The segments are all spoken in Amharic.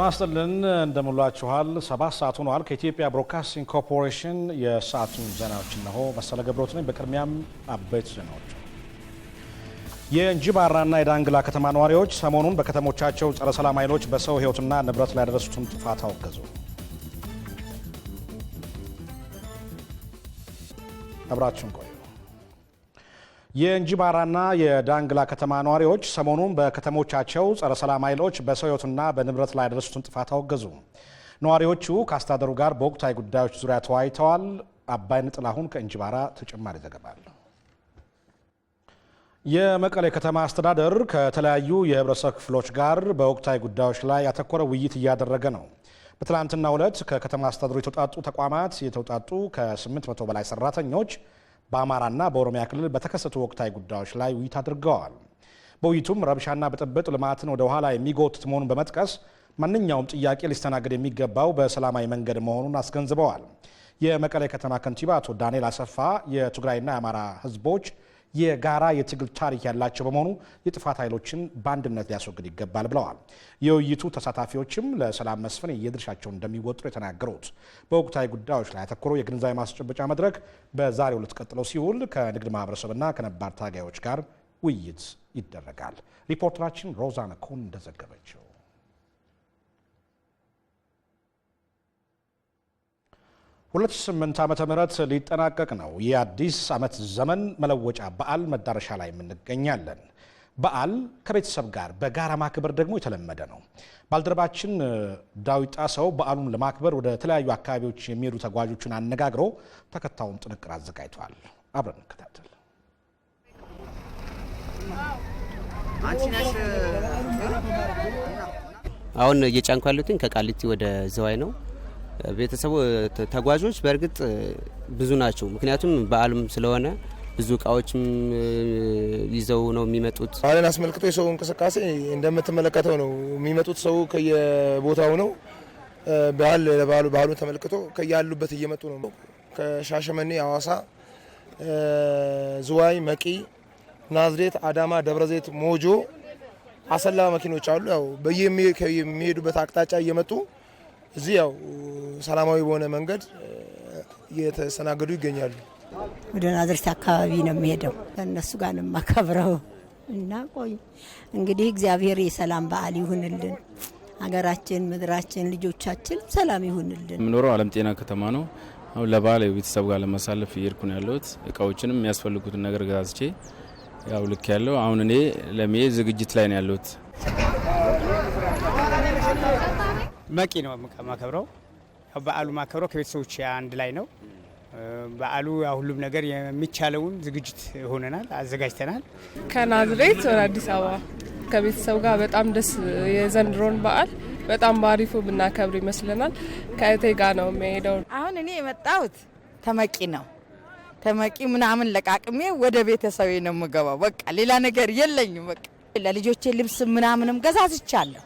ጤና ይስጥልን እንደምንላችኋል። ሰባት ሰዓት ሆኗል። ከኢትዮጵያ ብሮድካስቲንግ ኮርፖሬሽን የሰዓቱን ዜናዎች እነሆ። መሰለ ገብሮት ነኝ። በቅድሚያም አበይት ዜናዎች። የእንጂባራና የዳንግላ ከተማ ነዋሪዎች ሰሞኑን በከተሞቻቸው ጸረ ሰላም ኃይሎች በሰው ሕይወትና ንብረት ላይ ያደረሱትን ጥፋት አወገዙ። አብራችሁን ቆይ የእንጂባራና የዳንግላ ከተማ ነዋሪዎች ሰሞኑን በከተሞቻቸው ጸረ ሰላም ኃይሎች በሰው ሕይወትና በንብረት ላይ ያደረሱትን ጥፋት አወገዙ። ነዋሪዎቹ ከአስተዳደሩ ጋር በወቅታዊ ጉዳዮች ዙሪያ ተወያይተዋል። አባይ ንጥላሁን ከእንጂባራ ተጨማሪ ዘገባ የመቀሌ ከተማ አስተዳደር ከተለያዩ የህብረተሰብ ክፍሎች ጋር በወቅታዊ ጉዳዮች ላይ ያተኮረ ውይይት እያደረገ ነው። በትናንትናው ዕለት ከከተማ አስተዳደሩ የተውጣጡ ተቋማት የተውጣጡ ከ800 በላይ ሰራተኞች በአማራና በኦሮሚያ ክልል በተከሰቱ ወቅታዊ ጉዳዮች ላይ ውይይት አድርገዋል። በውይይቱም ረብሻና ብጥብጥ ልማትን ወደ ኋላ የሚጎትት መሆኑን በመጥቀስ ማንኛውም ጥያቄ ሊስተናገድ የሚገባው በሰላማዊ መንገድ መሆኑን አስገንዝበዋል። የመቀሌ ከተማ ከንቲባ አቶ ዳንኤል አሰፋ የትግራይና የአማራ ህዝቦች የጋራ የትግል ታሪክ ያላቸው በመሆኑ የጥፋት ኃይሎችን በአንድነት ሊያስወግድ ይገባል ብለዋል። የውይይቱ ተሳታፊዎችም ለሰላም መስፈን የድርሻቸውን እንደሚወጥሩ የተናገሩት በወቅታዊ ጉዳዮች ላይ ያተኮረው የግንዛቤ ማስጨበጫ መድረክ በዛሬው ዕለት ሲውል ከንግድ ማህበረሰብና ከነባር ታጋዮች ጋር ውይይት ይደረጋል። ሪፖርተራችን ሮዛነ ኮን እንደዘገበችው 2008 ዓመተ ምህረት ሊጠናቀቅ ነው። የአዲስ ዓመት ዘመን መለወጫ በዓል መዳረሻ ላይ እንገኛለን። በዓል ከቤተሰብ ጋር በጋራ ማክበር ደግሞ የተለመደ ነው። ባልደረባችን ዳዊት ጣሰው በዓሉን ለማክበር ወደ ተለያዩ አካባቢዎች የሚሄዱ ተጓዦችን አነጋግሮ ተከታዩን ጥንቅር አዘጋጅቷል። አብረን እንከታተል። አሁን እየጫንኩ ያሉትን ከቃሊቲ ወደ ዘዋይ ነው ቤተሰቡ ተጓዦች በእርግጥ ብዙ ናቸው። ምክንያቱም በዓልም ስለሆነ ብዙ እቃዎችም ይዘው ነው የሚመጡት። በዓልን አስመልክቶ የሰው እንቅስቃሴ እንደምትመለከተው ነው የሚመጡት። ሰው ከየቦታው ነው በዓል ለበዓሉ ተመልክቶ ከያሉበት እየመጡ ነው። ከሻሸመኔ፣ አዋሳ፣ ዝዋይ፣ መቂ፣ ናዝሬት፣ አዳማ፣ ደብረዘይት፣ ሞጆ፣ አሰላ መኪኖች አሉ። ያው በየሚሄዱበት አቅጣጫ እየመጡ እዚህ ያው ሰላማዊ በሆነ መንገድ እየተስተናገዱ ይገኛሉ። ወደ ናዝሬት አካባቢ ነው የሚሄደው ከእነሱ ጋር ነው የማከብረው እና ቆይ እንግዲህ እግዚአብሔር የሰላም በዓል ይሁንልን። ሀገራችን፣ ምድራችን፣ ልጆቻችን ሰላም ይሁንልን። የምኖረው አለም ጤና ከተማ ነው። አሁን ለበዓል ቤተሰብ ጋር ለማሳለፍ እየሄድኩ ነው ያለሁት። እቃዎችንም የሚያስፈልጉትን ነገር ገዛዝቼ ያው ልክ ያለው አሁን እኔ ለሜ ዝግጅት ላይ ነው ያለሁት። መቂ ነው ማከብረው። በዓሉ ማከብረው ከቤተሰቦች አንድ ላይ ነው። በዓሉ ሁሉም ነገር የሚቻለውን ዝግጅት ሆነናል፣ አዘጋጅተናል። ከናዝሬት ወደ አዲስ አበባ ከቤተሰብ ጋር በጣም ደስ የዘንድሮን በዓል በጣም ባሪፉ ብናከብር ይመስለናል። ከእቴ ጋር ነው የሚሄደው። አሁን እኔ የመጣሁት ተመቂ ነው። ተመቂ ምናምን ለቃቅሜ ወደ ቤተሰቤ ነው የምገባው። በቃ ሌላ ነገር የለኝም። በቃ ለልጆቼ ልብስ ምናምንም ገዛዝቻለሁ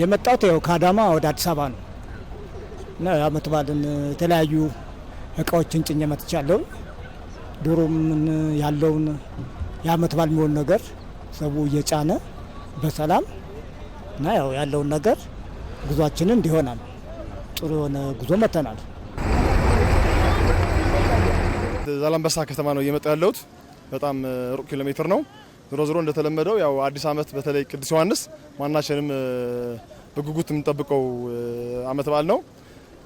የመጣሁት ያው ከአዳማ ወደ አዲስ አበባ ነው እና አመት በዓልን የተለያዩ እቃዎችን ጭኜ መጥቻለሁ። ዶሮም ያለውን የአመት በዓል የሚሆን ነገር ሰው እየጫነ በሰላም እና ያው ያለውን ነገር ጉዟችንን እንዲሆናል ጥሩ የሆነ ጉዞ መተናል። ዛላምበሳ ከተማ ነው እየመጣ ያለሁት። በጣም ሩቅ ኪሎ ሜትር ነው ዞሮ ዞሮ እንደተለመደው ያው አዲስ አመት በተለይ ቅዱስ ዮሐንስ ማናችንም በጉጉት የምንጠብቀው አመት በዓል ነው።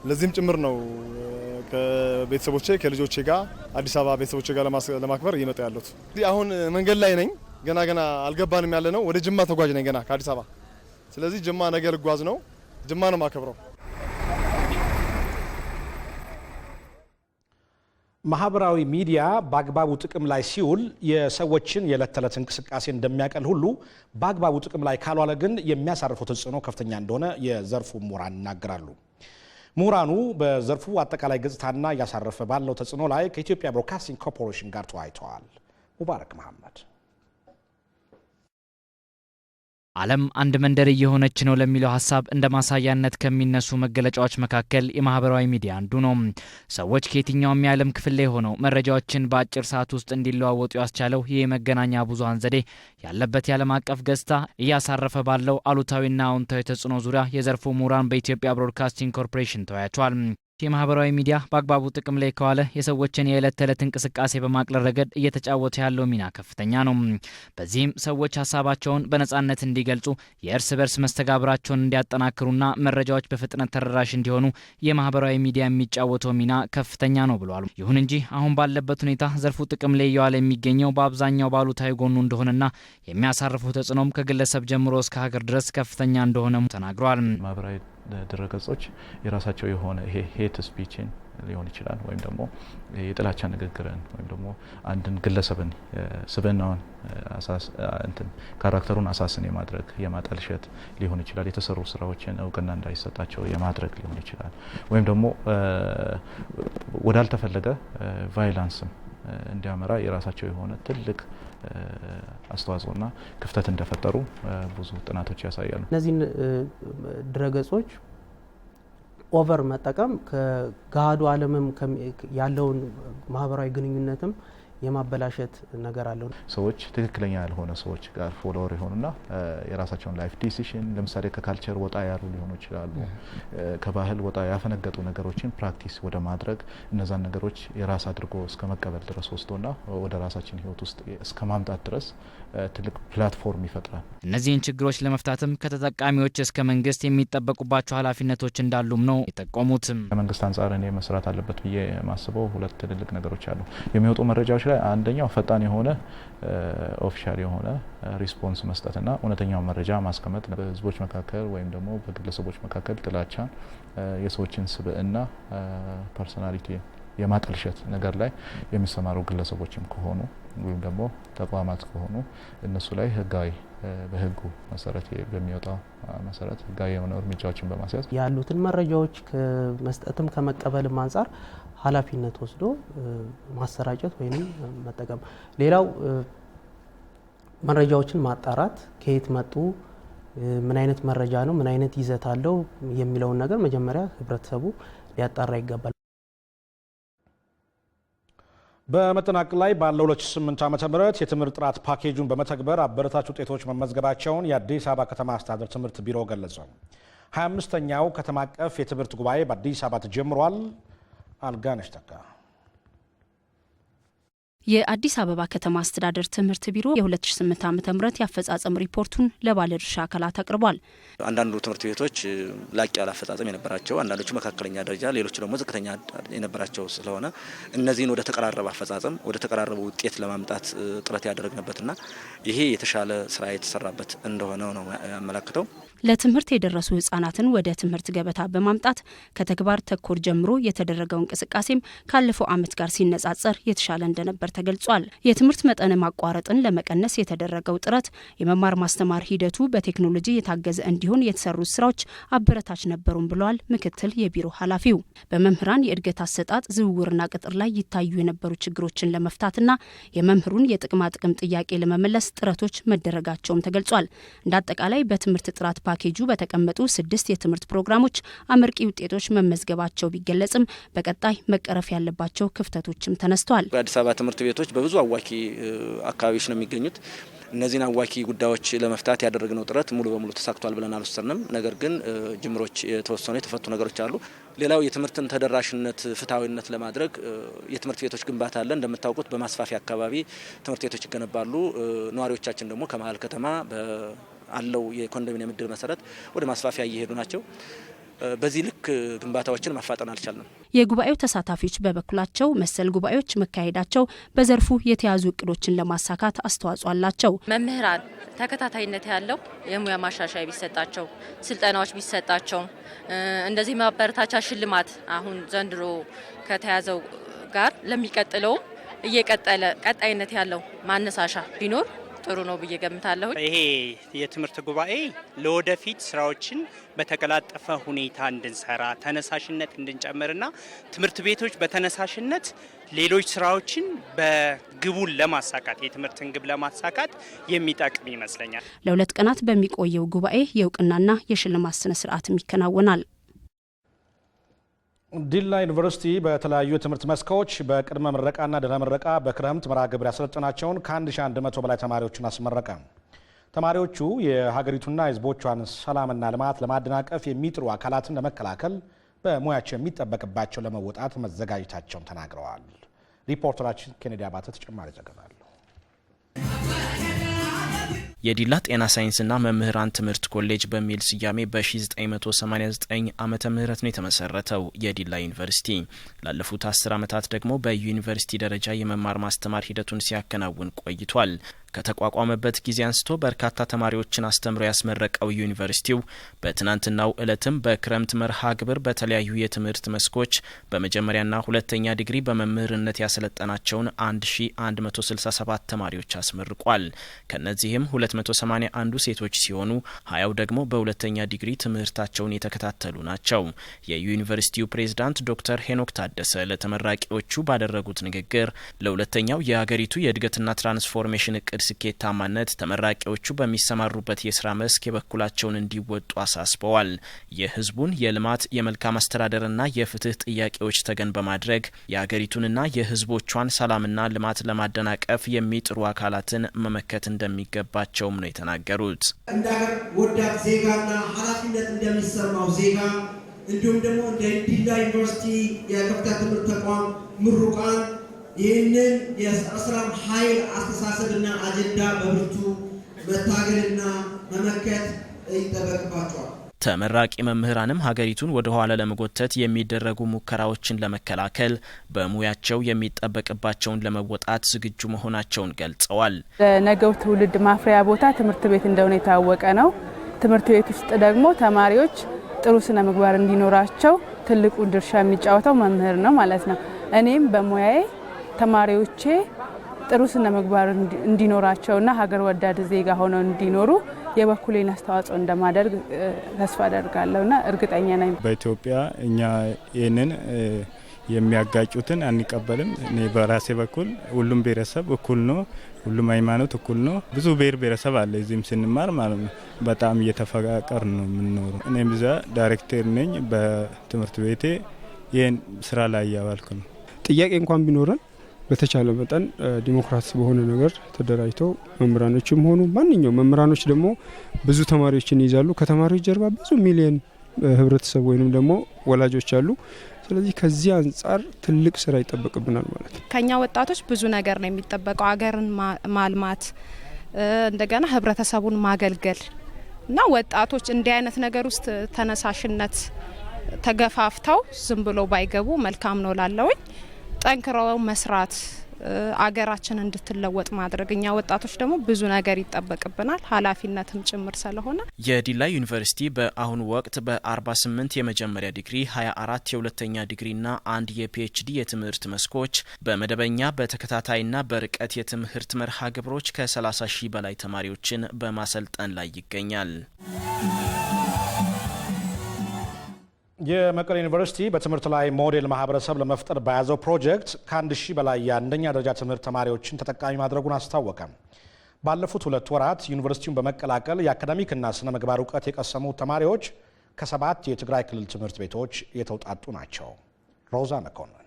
ለዚህም ጭምር ነው ከቤተሰቦቼ ከልጆቼ ጋር አዲስ አበባ ቤተሰቦቼ ጋር ለማክበር እየመጣ ያለሁት። አሁን መንገድ ላይ ነኝ። ገና ገና አልገባንም ያለ ነው። ወደ ጅማ ተጓዥ ነኝ ገና ከአዲስ አበባ። ስለዚህ ጅማ ነገ ልጓዝ ነው። ጅማ ነው ማከብረው ማህበራዊ ሚዲያ በአግባቡ ጥቅም ላይ ሲውል የሰዎችን የዕለት ተዕለት እንቅስቃሴ እንደሚያቀል ሁሉ በአግባቡ ጥቅም ላይ ካልዋለ ግን የሚያሳርፈው ተጽዕኖ ከፍተኛ እንደሆነ የዘርፉ ምሁራን ይናገራሉ። ምሁራኑ በዘርፉ አጠቃላይ ገጽታና እያሳረፈ ባለው ተጽዕኖ ላይ ከኢትዮጵያ ብሮድካስቲንግ ኮርፖሬሽን ጋር ተወያይተዋል። ሙባረክ መሐመድ ዓለም አንድ መንደር እየሆነች ነው ለሚለው ሀሳብ እንደ ማሳያነት ከሚነሱ መገለጫዎች መካከል የማህበራዊ ሚዲያ አንዱ ነው። ሰዎች ከየትኛውም የዓለም ክፍል ላይ ሆነው መረጃዎችን በአጭር ሰዓት ውስጥ እንዲለዋወጡ ያስቻለው ይህ የመገናኛ ብዙሀን ዘዴ ያለበት የዓለም አቀፍ ገጽታ እያሳረፈ ባለው አሉታዊና አዎንታዊ ተጽዕኖ ዙሪያ የዘርፉ ምሁራን በኢትዮጵያ ብሮድካስቲንግ ኮርፖሬሽን ተወያይተዋል። የማህበራዊ ሚዲያ በአግባቡ ጥቅም ላይ ከዋለ የሰዎችን የዕለት ተዕለት እንቅስቃሴ በማቅለል ረገድ እየተጫወተ ያለው ሚና ከፍተኛ ነው። በዚህም ሰዎች ሀሳባቸውን በነጻነት እንዲገልጹ፣ የእርስ በርስ መስተጋብራቸውን እንዲያጠናክሩና መረጃዎች በፍጥነት ተደራሽ እንዲሆኑ የማህበራዊ ሚዲያ የሚጫወተው ሚና ከፍተኛ ነው ብለዋል። ይሁን እንጂ አሁን ባለበት ሁኔታ ዘርፉ ጥቅም ላይ እየዋለ የሚገኘው በአብዛኛው ባሉታዊ ጎኑ እንደሆነና የሚያሳርፈው ተጽዕኖም ከግለሰብ ጀምሮ እስከ ሀገር ድረስ ከፍተኛ እንደሆነ ተናግሯል ድረገጾች የራሳቸው የሆነ ይሄ ሄት ስፒችን ሊሆን ይችላል ወይም ደግሞ የጥላቻ ንግግርን ወይም ደግሞ አንድን ግለሰብን ስብናውን እንትን ካራክተሩን አሳስን የማድረግ የማጠልሸት ሊሆን ይችላል። የተሰሩ ስራዎችን እውቅና እንዳይሰጣቸው የማድረግ ሊሆን ይችላል። ወይም ደግሞ ወዳልተፈለገ ቫይላንስም እንዲያመራ የራሳቸው የሆነ ትልቅ አስተዋጽኦና ክፍተት እንደፈጠሩ ብዙ ጥናቶች ያሳያሉ። እነዚህን ድረገጾች ኦቨር መጠቀም ከገሃዱ ዓለምም ያለውን ማህበራዊ ግንኙነትም የማበላሸት ነገር አለው። ሰዎች ትክክለኛ ያልሆነ ሰዎች ጋር ፎሎወር የሆኑና የራሳቸውን ላይፍ ዲሲሽን ለምሳሌ ከካልቸር ወጣ ያሉ ሊሆኑ ይችላሉ። ከባህል ወጣ ያፈነገጡ ነገሮችን ፕራክቲስ ወደ ማድረግ እነዛን ነገሮች የራስ አድርጎ እስከ መቀበል ድረስ ወስዶና ወደ ራሳችን ህይወት ውስጥ እስከ ማምጣት ድረስ ትልቅ ፕላትፎርም ይፈጥራል። እነዚህን ችግሮች ለመፍታትም ከተጠቃሚዎች እስከ መንግስት የሚጠበቁባቸው ኃላፊነቶች እንዳሉም ነው የጠቆሙትም። ከመንግስት አንጻር እኔ መስራት አለበት ብዬ የማስበው ሁለት ትልልቅ ነገሮች አሉ። የሚወጡ መረጃዎች ላይ አንደኛው ፈጣን የሆነ ኦፊሻል የሆነ ሪስፖንስ መስጠትና እውነተኛው መረጃ ማስቀመጥ፣ በህዝቦች መካከል ወይም ደግሞ በግለሰቦች መካከል ጥላቻን፣ የሰዎችን ስብዕና ፐርሶናሊቲ የማጠልሸት ነገር ላይ የሚሰማሩ ግለሰቦችም ከሆኑ ወይም ደግሞ ተቋማት ከሆኑ እነሱ ላይ ህጋዊ በህጉ መሰረት በሚወጣው መሰረት ህጋዊ የሆነ እርምጃዎችን በማስያዝ ያሉትን መረጃዎች መስጠትም ከመቀበልም አንጻር ኃላፊነት ወስዶ ማሰራጨት ወይም መጠቀም። ሌላው መረጃዎችን ማጣራት ከየት መጡ፣ ምን አይነት መረጃ ነው፣ ምን አይነት ይዘት አለው የሚለውን ነገር መጀመሪያ ህብረተሰቡ ሊያጣራ ይገባል። በመጠናቀቅ ላይ ባለው 2008 ዓ.ም የትምህርት ጥራት ፓኬጁን በመተግበር አበረታች ውጤቶች መመዝገባቸውን የአዲስ አበባ ከተማ አስተዳደር ትምህርት ቢሮ ገለጸ። 25ኛው ከተማ አቀፍ የትምህርት ጉባኤ በአዲስ አበባ ተጀምሯል። አልጋነሽ ተካ የአዲስ አበባ ከተማ አስተዳደር ትምህርት ቢሮ የ2008 ዓ ም የአፈጻጸም ሪፖርቱን ለባለድርሻ አካላት አቅርቧል። አንዳንዱ ትምህርት ቤቶች ላቅ ያለ አፈጻጸም የነበራቸው፣ አንዳንዶቹ መካከለኛ ደረጃ፣ ሌሎቹ ደግሞ ዝቅተኛ የነበራቸው ስለሆነ እነዚህን ወደ ተቀራረበ አፈጻጸም ወደ ተቀራረበ ውጤት ለማምጣት ጥረት ያደረግንበትና ይሄ የተሻለ ስራ የተሰራበት እንደሆነ ነው ያመላክተው። ለትምህርት የደረሱ ህጻናትን ወደ ትምህርት ገበታ በማምጣት ከተግባር ተኮር ጀምሮ የተደረገው እንቅስቃሴም ካለፈው ዓመት ጋር ሲነጻጸር የተሻለ እንደነበር ተገልጿል። የትምህርት መጠን ማቋረጥን ለመቀነስ የተደረገው ጥረት፣ የመማር ማስተማር ሂደቱ በቴክኖሎጂ የታገዘ እንዲሆን የተሰሩት ስራዎች አበረታች ነበሩም ብለዋል ምክትል የቢሮ ኃላፊው። በመምህራን የእድገት አሰጣጥ ዝውውርና ቅጥር ላይ ይታዩ የነበሩ ችግሮችን ለመፍታትና የመምህሩን የጥቅማ ጥቅም ጥያቄ ለመመለስ ጥረቶች መደረጋቸውም ተገልጿል። እንደ አጠቃላይ በትምህርት ጥራት ፓኬጁ በተቀመጡ ስድስት የትምህርት ፕሮግራሞች አመርቂ ውጤቶች መመዝገባቸው ቢገለጽም በቀጣይ መቀረፍ ያለባቸው ክፍተቶችም ተነስተዋል። የአዲስ አበባ ትምህርት ቤቶች በብዙ አዋኪ አካባቢዎች ነው የሚገኙት። እነዚህን አዋኪ ጉዳዮች ለመፍታት ያደረግነው ጥረት ሙሉ በሙሉ ተሳክቷል ብለን አልወሰንም። ነገር ግን ጅምሮች የተወሰኑ የተፈቱ ነገሮች አሉ። ሌላው የትምህርትን ተደራሽነት ፍትሐዊነት ለማድረግ የትምህርት ቤቶች ግንባታ አለ። እንደምታውቁት በማስፋፊያ አካባቢ ትምህርት ቤቶች ይገነባሉ። ነዋሪዎቻችን ደግሞ ከመሀል ከተማ አለው የኮንዶሚኒየም እድል መሰረት ወደ ማስፋፊያ እየሄዱ ናቸው። በዚህ ልክ ግንባታዎችን ማፋጠን አልቻለም። የጉባኤው ተሳታፊዎች በበኩላቸው መሰል ጉባኤዎች መካሄዳቸው በዘርፉ የተያዙ እቅዶችን ለማሳካት አስተዋጽኦ አላቸው። መምህራን ተከታታይነት ያለው የሙያ ማሻሻያ ቢሰጣቸው፣ ስልጠናዎች ቢሰጣቸው፣ እንደዚህ ማበረታቻ ሽልማት አሁን ዘንድሮ ከተያዘው ጋር ለሚቀጥለው እየቀጠለ ቀጣይነት ያለው ማነሳሻ ቢኖር ጥሩ ነው ብዬ ገምታለሁ። ይሄ የትምህርት ጉባኤ ለወደፊት ስራዎችን በተቀላጠፈ ሁኔታ እንድንሰራ ተነሳሽነት እንድንጨምርና ትምህርት ቤቶች በተነሳሽነት ሌሎች ስራዎችን በግቡን ለማሳካት የትምህርትን ግብ ለማሳካት የሚጠቅም ይመስለኛል። ለሁለት ቀናት በሚቆየው ጉባኤ የእውቅናና የሽልማት ስነ ስርዓትም ይከናወናል። ዲላ ዩኒቨርሲቲ በተለያዩ የትምህርት መስኮች በቅድመ ምረቃና ድህረ ምረቃ በክረምት መርሃ ግብር ያሰለጠናቸውን ከ1100 በላይ ተማሪዎችን አስመረቀ። ተማሪዎቹ የሀገሪቱና ሕዝቦቿን ሰላምና ልማት ለማደናቀፍ የሚጥሩ አካላትን ለመከላከል በሙያቸው የሚጠበቅባቸው ለመወጣት መዘጋጀታቸውን ተናግረዋል። ሪፖርተራችን ኬኔዲ አባተ ተጨማሪ ዘገባ አለው። የዲላ ጤና ሳይንስና መምህራን ትምህርት ኮሌጅ በሚል ስያሜ በ1989 ዓመተ ምህረት ነው የተመሰረተው የዲላ ዩኒቨርሲቲ። ላለፉት አስር ዓመታት ደግሞ በዩኒቨርሲቲ ደረጃ የመማር ማስተማር ሂደቱን ሲያከናውን ቆይቷል። ከተቋቋመበት ጊዜ አንስቶ በርካታ ተማሪዎችን አስተምሮ ያስመረቀው ዩኒቨርሲቲው በትናንትናው ዕለትም በክረምት መርሃ ግብር በተለያዩ የትምህርት መስኮች በመጀመሪያና ሁለተኛ ዲግሪ በመምህርነት ያሰለጠናቸውን 1167 ተማሪዎች አስመርቋል። ከነዚህም 281ዱ ሴቶች ሲሆኑ ሀያው ደግሞ በሁለተኛ ዲግሪ ትምህርታቸውን የተከታተሉ ናቸው። የዩኒቨርሲቲው ፕሬዝዳንት ዶክተር ሄኖክ ታደሰ ለተመራቂዎቹ ባደረጉት ንግግር ለሁለተኛው የሀገሪቱ የእድገትና ትራንስፎርሜሽን እቅድ እቅድ ስኬታማነት ተመራቂዎቹ በሚሰማሩበት የስራ መስክ የበኩላቸውን እንዲወጡ አሳስበዋል። የህዝቡን የልማት የመልካም አስተዳደርና የፍትህ ጥያቄዎች ተገን በማድረግ የአገሪቱንና የህዝቦቿን ሰላምና ልማት ለማደናቀፍ የሚጥሩ አካላትን መመከት እንደሚገባቸውም ነው የተናገሩት። እንደ ሀገር ወዳድ ዜጋና ኃላፊነት እንደሚሰማው ዜጋ እንዲሁም ደግሞ እንደ ዲላ ዩኒቨርሲቲ የከፍታ ትምህርት ተቋም ምሩቃን ይህንን የስራም ኃይል አስተሳሰብና አጀንዳ በብርቱ መታገልና መመከት ይጠበቅባቸዋል። ተመራቂ መምህራንም ሀገሪቱን ወደ ኋላ ለመጎተት የሚደረጉ ሙከራዎችን ለመከላከል በሙያቸው የሚጠበቅባቸውን ለመወጣት ዝግጁ መሆናቸውን ገልጸዋል። ለነገው ትውልድ ማፍሪያ ቦታ ትምህርት ቤት እንደሆነ የታወቀ ነው። ትምህርት ቤት ውስጥ ደግሞ ተማሪዎች ጥሩ ስነ ምግባር እንዲኖራቸው ትልቁን ድርሻ የሚጫወተው መምህር ነው ማለት ነው። እኔም በሙያዬ ተማሪዎቼ ጥሩ ስነ ምግባር እንዲኖራቸውና ሀገር ወዳድ ዜጋ ሆነው እንዲኖሩ የበኩሌን አስተዋጽኦ እንደማደርግ ተስፋ አደርጋለሁና እርግጠኛ ነኝ። በኢትዮጵያ እኛ ይህንን የሚያጋጩትን አንቀበልም። እኔ በራሴ በኩል ሁሉም ብሔረሰብ እኩል ነው፣ ሁሉም ሃይማኖት እኩል ነው። ብዙ ብሔር ብሔረሰብ አለ እዚህም ስንማር ማለት ነው። በጣም እየተፈቃቀር ነው የምንኖሩ። እኔም እዛ ዳይሬክተር ነኝ በትምህርት ቤቴ። ይህን ስራ ላይ እያባልኩ ነው። ጥያቄ እንኳን ቢኖረን በተቻለ መጠን ዲሞክራሲ በሆነ ነገር ተደራጅተው መምህራኖችም ሆኑ ማንኛውም መምህራኖች ደግሞ ብዙ ተማሪዎችን ይይዛሉ። ከተማሪዎች ጀርባ ብዙ ሚሊየን ህብረተሰብ ወይንም ደግሞ ወላጆች አሉ። ስለዚህ ከዚህ አንጻር ትልቅ ስራ ይጠበቅብናል ማለት ነው። ከኛ ወጣቶች ብዙ ነገር ነው የሚጠበቀው። አገርን ማልማት እንደገና ህብረተሰቡን ማገልገል እና ወጣቶች እንዲህ አይነት ነገር ውስጥ ተነሳሽነት ተገፋፍተው ዝም ብሎ ባይገቡ መልካም ነው ላለውኝ ጠንክረው መስራት አገራችን እንድትለወጥ ማድረግ እኛ ወጣቶች ደግሞ ብዙ ነገር ይጠበቅብናል፣ ኃላፊነትም ጭምር ስለሆነ የዲላ ዩኒቨርሲቲ በአሁኑ ወቅት በ48 የመጀመሪያ ዲግሪ፣ 24 የሁለተኛ ዲግሪና አንድ የፒኤችዲ የትምህርት መስኮች በመደበኛ በተከታታይና በርቀት የትምህርት መርሃ ግብሮች ከ30 ሺህ በላይ ተማሪዎችን በማሰልጠን ላይ ይገኛል። የመቀሌ ዩኒቨርሲቲ በትምህርት ላይ ሞዴል ማህበረሰብ ለመፍጠር በያዘው ፕሮጀክት ከአንድ ሺህ በላይ የአንደኛ ደረጃ ትምህርት ተማሪዎችን ተጠቃሚ ማድረጉን አስታወቀ። ባለፉት ሁለት ወራት ዩኒቨርሲቲውን በመቀላቀል የአካዳሚክና ስነ ምግባር እውቀት የቀሰሙ ተማሪዎች ከሰባት የትግራይ ክልል ትምህርት ቤቶች የተውጣጡ ናቸው። ሮዛ መኮንን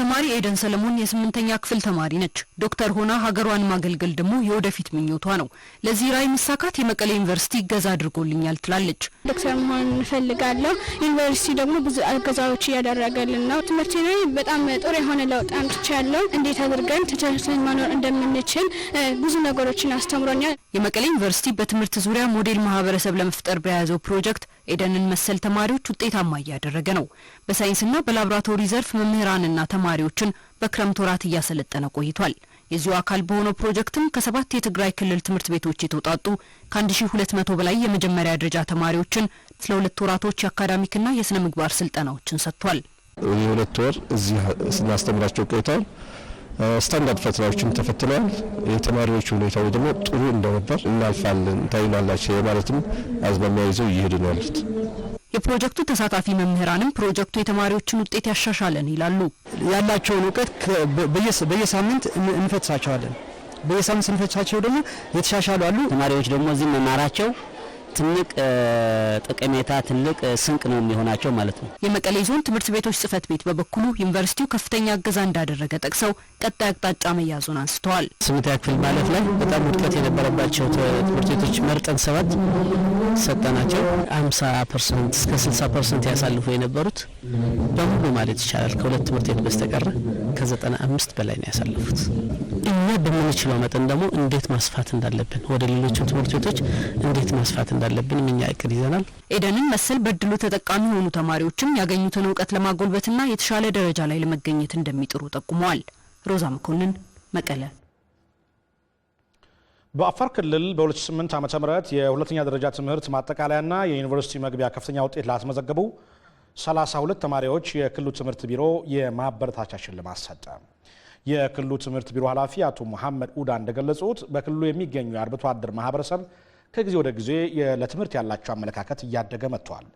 ተማሪ ኤደን ሰለሞን የስምንተኛ ክፍል ተማሪ ነች። ዶክተር ሆና ሀገሯን ማገልገል ደግሞ የወደፊት ምኞቷ ነው። ለዚህ ራዕይ መሳካት የመቀሌ ዩኒቨርሲቲ እገዛ አድርጎልኛል ትላለች። ዶክተር መሆን እንፈልጋለሁ። ዩኒቨርሲቲ ደግሞ ብዙ እገዛዎች እያደረገልን ነው። ትምህርቴ ላይ በጣም ጥሩ የሆነ ለውጥ አምጥቻለሁ። እንዴት አድርገን ተቻችለን መኖር እንደምንችል ብዙ ነገሮችን አስተምሮኛል። የመቀሌ ዩኒቨርሲቲ በትምህርት ዙሪያ ሞዴል ማህበረሰብ ለመፍጠር በያዘው ፕሮጀክት ኤደንን መሰል ተማሪዎች ውጤታማ እያደረገ ነው። በሳይንስና በላብራቶሪ ዘርፍ መምህራንና ተማሪዎችን በክረምት ወራት እያሰለጠነ ቆይቷል። የዚሁ አካል በሆነው ፕሮጀክትም ከሰባት የትግራይ ክልል ትምህርት ቤቶች የተውጣጡ ከ1200 በላይ የመጀመሪያ ደረጃ ተማሪዎችን ሁለት ወራቶች የአካዳሚክና የስነ ምግባር ስልጠናዎችን ሰጥቷል። የሁለት ወር እዚህ ስናስተምራቸው ቆይተዋል። ስታንዳርድ ፈተናዎችም ተፈትነዋል። የተማሪዎች ሁኔታው ደግሞ ጥሩ እንደነበር እናልፋለን ታይናላቸው የማለትም አዝማሚያ ይዘው እየሄዱ ነው ያሉት። የፕሮጀክቱ ተሳታፊ መምህራንም ፕሮጀክቱ የተማሪዎችን ውጤት ያሻሻለን ይላሉ። ያላቸውን እውቀት በየሳምንት እንፈትሳቸዋለን። በየሳምንት ስንፈትሳቸው ደግሞ የተሻሻሉ አሉ። ተማሪዎች ደግሞ እዚህ መማራቸው ትልቅ ጠቀሜታ ትልቅ ስንቅ ነው የሚሆናቸው ማለት ነው። የመቀሌ ዞን ትምህርት ቤቶች ጽህፈት ቤት በበኩሉ ዩኒቨርሲቲው ከፍተኛ እገዛ እንዳደረገ ጠቅሰው ቀጣይ አቅጣጫ መያዙን አንስተዋል። ስምንተኛ ክፍል ማለት ላይ በጣም ውድቀት የነበረባቸው ትምህርት ቤቶች መርጠን ሰባት ሰጠናቸው። አምሳ ፐርሰንት እስከ ስልሳ ፐርሰንት ያሳልፉ የነበሩት በሙሉ ማለት ይቻላል ከሁለት ትምህርት ቤት በስተቀረ ከዘጠና አምስት በላይ ነው ያሳለፉት። እኛ በምንችለው መጠን ደግሞ እንዴት ማስፋት እንዳለብን ወደ ሌሎችም ትምህርት ቤቶች እንዴት ማስፋት እንዳለብን እኛ እቅድ ይዘናል። ኤደንን መሰል በእድሉ ተጠቃሚ የሆኑ ተማሪዎችም ያገኙትን እውቀት ለማጎልበትና የተሻለ ደረጃ ላይ ለመገኘት እንደሚጥሩ ጠቁመዋል። ሮዛ መኮንን መቀለ። በአፋር ክልል በ2008 ዓ ም የሁለተኛ ደረጃ ትምህርት ማጠቃለያና የዩኒቨርሲቲ መግቢያ ከፍተኛ ውጤት ላስመዘገቡ 32 ተማሪዎች የክልሉ ትምህርት ቢሮ የማበረታቻ ሽልማት ሰጠ። የክልሉ ትምህርት ቢሮ ኃላፊ አቶ መሐመድ ኡዳ እንደገለጹት በክልሉ የሚገኙ የአርብቶ አደር ማህበረሰብ ከጊዜ ወደ ጊዜ ለትምህርት ያላቸው አመለካከት እያደገ መጥቷል።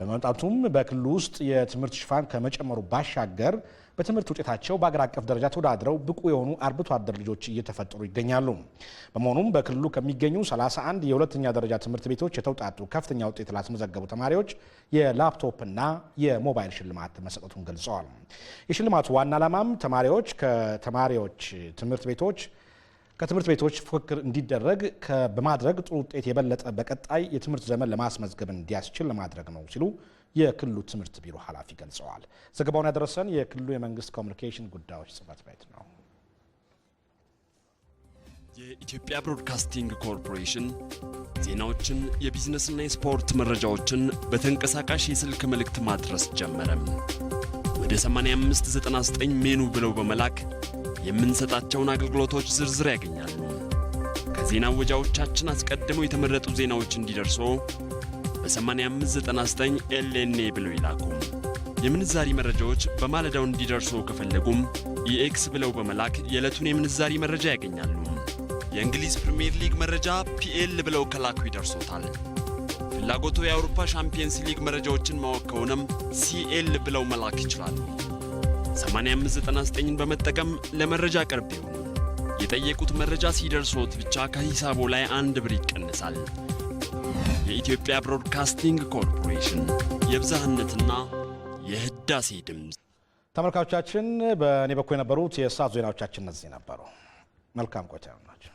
በመምጣቱም በክልሉ ውስጥ የትምህርት ሽፋን ከመጨመሩ ባሻገር በትምህርት ውጤታቸው በአገር አቀፍ ደረጃ ተወዳድረው ብቁ የሆኑ አርብቶ አደር ልጆች እየተፈጠሩ ይገኛሉ። በመሆኑም በክልሉ ከሚገኙ 31 የሁለተኛ ደረጃ ትምህርት ቤቶች የተውጣጡ ከፍተኛ ውጤት ላስመዘገቡ ተማሪዎች የላፕቶፕና የሞባይል ሽልማት መሰጠቱን ገልጸዋል። የሽልማቱ ዋና ዓላማም ተማሪዎች ከተማሪዎች ትምህርት ቤቶች ከትምህርት ቤቶች ፉክክር እንዲደረግ በማድረግ ጥሩ ውጤት የበለጠ በቀጣይ የትምህርት ዘመን ለማስመዝገብ እንዲያስችል ለማድረግ ነው ሲሉ የክልሉ ትምህርት ቢሮ ኃላፊ ገልጸዋል። ዘገባውን ያደረሰን የክልሉ የመንግስት ኮሚኒኬሽን ጉዳዮች ጽሕፈት ቤት ነው። የኢትዮጵያ ብሮድካስቲንግ ኮርፖሬሽን ዜናዎችን፣ የቢዝነስና የስፖርት መረጃዎችን በተንቀሳቃሽ የስልክ መልእክት ማድረስ ጀመረም። ወደ 8599 ሜኑ ብለው በመላክ የምንሰጣቸውን አገልግሎቶች ዝርዝር ያገኛሉ። ከዜና ወጃዎቻችን አስቀድመው የተመረጡ ዜናዎች እንዲደርሶ በ8599 ኤልኤንኤ ብለው ይላኩ። የምንዛሪ መረጃዎች በማለዳው እንዲደርሶ ከፈለጉም ኢኤክስ ብለው በመላክ የዕለቱን የምንዛሪ መረጃ ያገኛሉ። የእንግሊዝ ፕሪምየር ሊግ መረጃ ፒኤል ብለው ከላኩ ይደርሶታል። ፍላጎቶ የአውሮፓ ሻምፒየንስ ሊግ መረጃዎችን ማወቅ ከሆነም ሲኤል ብለው መላክ ይችላሉ። 8599 በመጠቀም ለመረጃ ቅርብ ይሁኑ። የጠየቁት መረጃ ሲደርሶት ብቻ ከሂሳቦ ላይ አንድ ብር ይቀንሳል። የኢትዮጵያ ብሮድካስቲንግ ኮርፖሬሽን የብዝሃነትና የህዳሴ ድምፅ። ተመልካቾቻችን በእኔ በኩል የነበሩት የሰዓት ዜናዎቻችን እነዚህ ነበሩ። መልካም ቆይታ ናቸው።